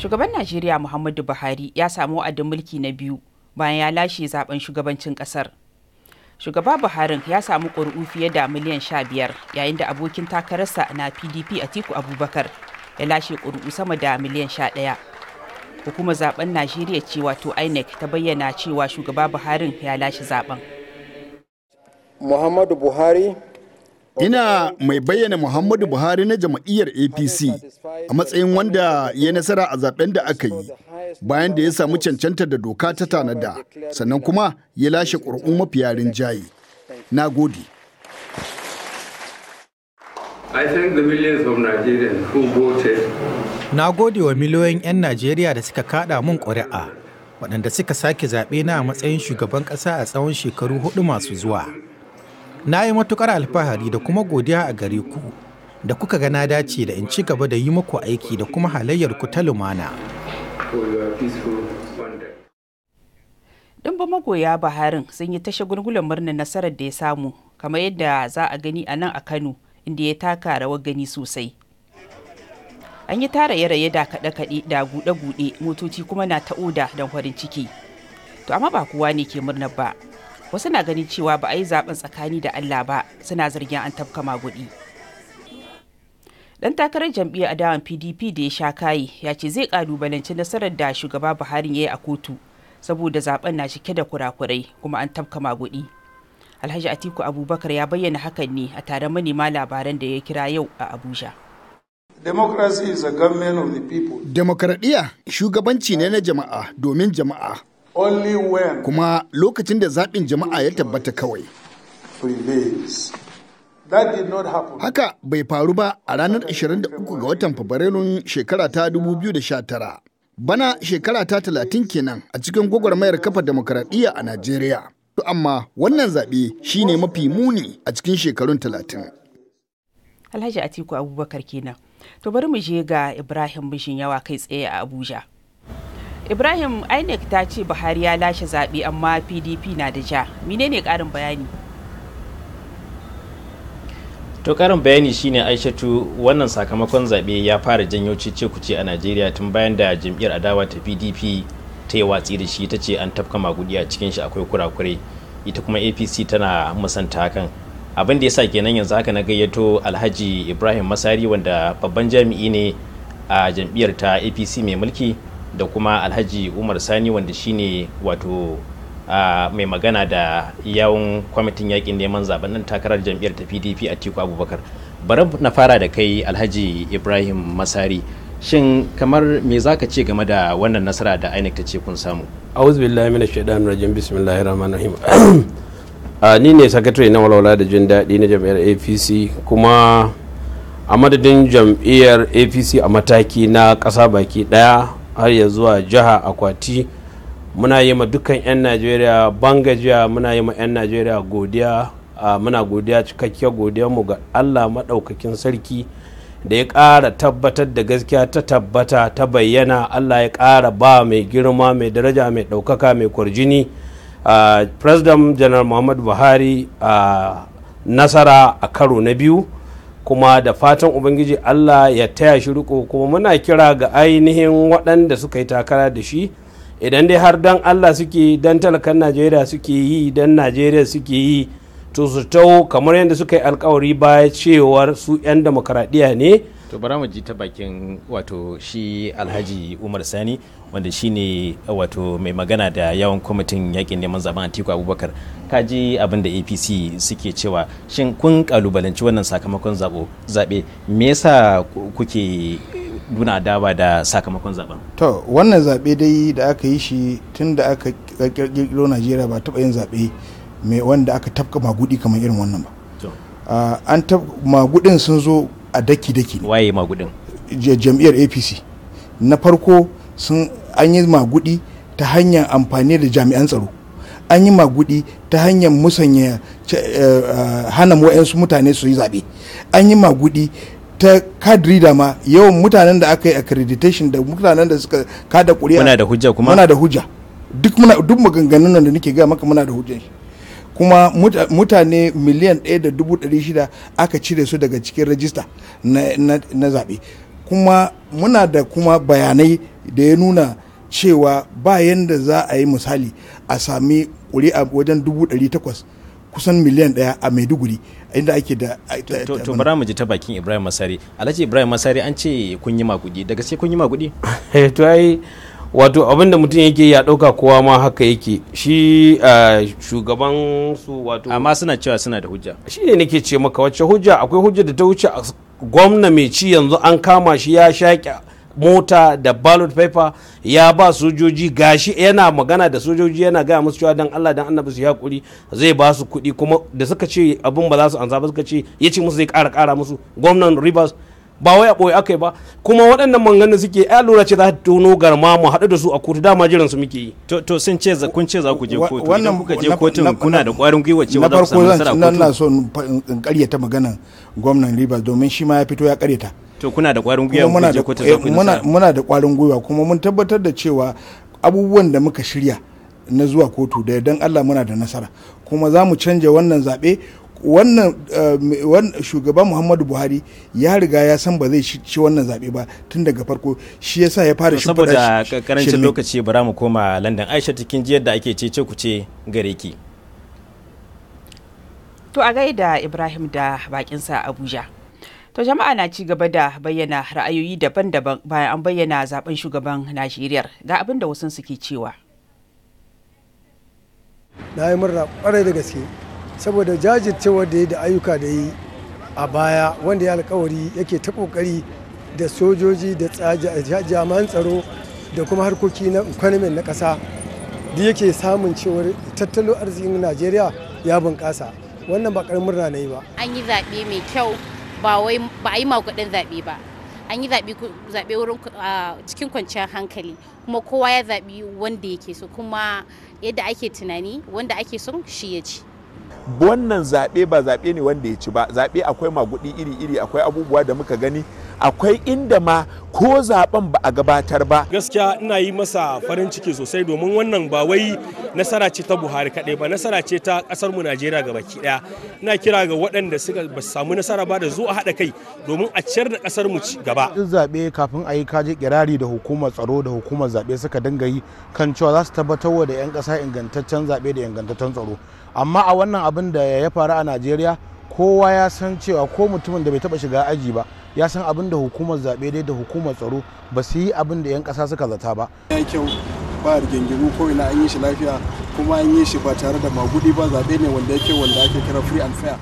Shugaban Najeriya Muhammadu Buhari ya samu wa'adin mulki na biyu bayan ya lashe zaben shugabancin kasar. Shugaba Buhari ya samu ƙuri'u fiye da miliyan sha biyar yayin da abokin takararsa na PDP a tiku Abubakar ya lashe ƙuri'u sama da miliyan sha ɗaya. Hukumar zaben Najeriya ce wato INEC ta bayyana cewa shugaba Buhari ya lashe zaben. Muhammadu Buhari Ina mai bayyana Muhammadu Buhari na jam'iyyar APC a matsayin wanda ya nasara a zaben da aka yi bayan da ya samu cancanta da doka ta tanada sannan kuma ya lashe ƙuri'un mafiya rinjaye. Na gode. Na gode wa miliyoyin 'yan Najeriya da suka kada mun ƙuri'a waɗanda suka sake zaɓe na a matsayin shugaban ƙasa a tsawon shekaru hudu masu zuwa. na yi matukar alfahari da kuma godiya a gare ku da kuka ga na dace da in ci gaba da yi muku aiki da kuma halayyar ku ta lumana. Dimba magoya baharin sun yi ta shagulgulan murnar nasarar da ya samu kamar yadda za a gani a nan a Kano inda ya taka rawar gani sosai. An yi tara raye da kaɗe-kaɗe da guɗe-guɗe motoci kuma na ta oda don farin ciki. To amma ba kowa ne ke murnar ba. wasu na ganin cewa ba a yi zaben tsakani da allah ba suna zargin an tafka maguɗi. dan takarar jam'iyyar adawan pdp da ya sha kaye ya ce zai kalubalanci nasarar da shugaba buhari ya yi a kotu saboda zaben na cike da kurakurai kuma an tafka maguɗi, alhaji atiku abubakar ya bayyana hakan ne a taron manema labaran da ya kira yau a abuja Demokradiyya shugabanci ne na jama'a domin jama'a Kuma lokacin da zaɓin jama'a ya tabbata kawai. Haka bai faru ba a ranar 23 ga watan Fabrairun shekara ta 2019. Bana shekara ta 30 kenan a cikin gwagwarmayar kafa demokaradiyya a Najeriya. To amma wannan zaɓe shine mafi muni a cikin shekarun 30. Alhaji Atiku Abubakar kenan. To bari mu je ga Ibrahim Bishin yawa kai tsaye a Abuja. Ibrahim INEC ta ce Buhari ya lashe zaɓe amma PDP na da ja. Menene ƙarin bayani? To ƙarin bayani shine Aishatu wannan sakamakon zaɓe ya fara janyo cece kuce a Najeriya tun bayan da jam'iyyar adawa ta PDP ta yi watsi da shi ta ce an tafka magudi a cikin shi akwai kurakure ita kuma APC tana musanta hakan abin da ya sa kenan yanzu haka na gayyato Alhaji Ibrahim Masari wanda babban jami'i ne a jam'iyyar ta APC mai mulki da kuma alhaji umar sani wanda shine wato mai magana da yawon kwamitin yakin neman zaben nan takarar jam'iyyar ta pdp a tiku abubakar bari na fara da kai alhaji ibrahim masari shin kamar me za ka ce game da wannan nasara da inec ta ce kun samu billahi minash shaitanir rajim bismillahir rahmanir rahim ni ne sakatare na walwala da jin daɗi na jam'iyyar apc kuma a madadin jam'iyyar apc a mataki na ƙasa baki ɗaya har ya zuwa jiha akwati muna yi ma dukkan 'yan najeriya bangajiya muna yi ma 'yan najeriya godiya muna godiya cikakkiyar godiyarmu ga allah maɗaukakin sarki da ya ƙara tabbatar da gaskiya ta tabbata ta bayyana allah ya ƙara ba mai girma mai daraja mai ɗaukaka mai kwarjini president janar muhammadu buhari nasara a karo na biyu kuma da fatan ubangiji allah ya taya shi riko kuma muna kira ga ainihin waɗanda suka yi takara da shi idan dai har dan allah suke dan talakan najeriya suke yi dan najeriya suke yi to su tau kamar yadda suka yi alkawari ba cewar su 'yan demokaradiyya ne to bara mu ji ta bakin wato shi alhaji umar sani wanda shi ne wato mai magana da yawan kwamitin yakin neman zaben atiku abubakar ka ji abin da apc suke cewa shin kun kalubalanci wannan sakamakon zaɓe me yasa kuke nuna dawa da sakamakon zaben to wannan zaɓe dai da aka yi shi tun da aka kirkiro najeriya ba taɓa yin zaɓe mai wanda aka tafka magudi kamar irin wannan ba an tab magudin sun zo a daki-daki waye magudin jam'iyyar apc na farko sun an yi magudi ta hanyar amfani da jami'an tsaro an yi magudi ta hanyar musanya eh, eh, hana wa'yansu mutane su yi zaɓe an yi magudi ta kadri da ma yawan mutanen da aka yi accreditation da mutanen da suka kada kuri'a muna da hujja kuma muna da hujja duk muna duk maganganun da nake ga maka muna da hujja kuma mutane miliyan ɗaya da dubu ɗari shida aka cire su daga cikin rajista na zaɓe kuma muna da kuma bayanai da ya nuna cewa bayan da za a yi misali a sami ƙuri'a wajen dubu ɗari takwas kusan miliyan ɗaya a maiduguri inda ake da to bara mu ji ta bakin ibrahim masari alhaji ibrahim masari an ce kun yi makudi daga sai kun yi makudi eh, to ai wato abinda mutum yake ya dauka kowa ma haka yake shi shugaban su wato amma suna cewa suna da hujja shi ne nake ce maka wacce hujja akwai hujja da ta wuce a gwamna mai ci yanzu an kama shi ya shaƙi mota da ballot paper ya ba sojoji gashi yana magana da sojoji yana gaya musu cewa dan Allah dan annabi su hakuri zai ba su kuɗi kuma da suka ce abin ba za su ansa ba suka ce ya ce musu zai ƙara ƙara musu gwamnan rivers ba wai a ɓoye aka yi ba kuma waɗannan manganin suke ya lura ce za ta tono garma mu haɗu da su a kotu dama jiran su muke yi to to sun ce za kun ce za ku je kotu wannan kuka je kotun kuna da ƙwarin gwiwa cewa za ku samu nasara kotu na so in ƙaryata maganan gwamnan Rivers domin shi ma ya fito ya ƙaryata to kuna da ƙwarin gwiwa je kotu za eh, ku muna muna da ƙwarin gwiwa kuma mun tabbatar da cewa abubuwan da muka shirya na zuwa kotu da dan Allah muna da nasara kuma za mu canja wannan zaɓe wannan eh, shugaban muhammadu buhari ya riga ya san ba zai ci wannan zaɓe ba tun daga farko shi ya sa ya fara shi saboda karancin lokaci bara mu koma london aisha cikin jiyar da ake cece ku ce gare ki to a gaida ibrahim da bakinsa abuja To jama'a na ci gaba da bayyana ra'ayoyi daban-daban bayan an bayyana zaben shugaban Najeriya ga abin da wasu suke cewa. Na yi murna kwarai da gaske saboda jajircewa da ya da ayyuka da yi a baya wanda ya alkawari yake ta kokari da sojoji da jami'an tsaro da kuma harkoki na economy na ƙasa da yake samun cewar tattalin arzikin najeriya ya bunƙasa wannan ba ƙaramin rana yi ba an yi zaɓe mai kyau ba ba a yi makuɗin zaɓe ba an yi zaɓe wurin cikin kwanciyar hankali kuma kowa ya zaɓi wanda yake so kuma yadda ake tunani wanda ake son shi ya ci wannan zaɓe ba zaɓe ne wanda ya ci ba zaɓe akwai magudi iri-iri akwai abubuwa da muka gani akwai inda ma ko zaben ba a gabatar ba gaskiya ina yi masa farin ciki sosai domin wannan ba wai nasara ce ta buhari kaɗai ba nasara ce ta ƙasar mu najeriya ga baki ɗaya ina kira ga waɗanda suka ba samu nasara ba da zo a haɗa kai domin a ciyar da ƙasar mu gaba duk zaɓe kafin a yi kaje kirari da hukumar tsaro da hukumar zabe suka dinga yi kan cewa za su tabbatar da 'yan kasa ingantaccen zabe da ingantaccen tsaro amma a wannan abin da ya faru a najeriya kowa ya san cewa ko mutumin da bai taɓa shiga aji ba ya san abin da hukumar zaɓe dai da hukumar tsaro ba su yi abin da 'yan ƙasa suka zata ba. Ya kyau ba rigingiru ko ina an yi shi lafiya kuma an yi shi ba tare da magudi ba zaɓe ne wanda yake wanda ake kira free and fair.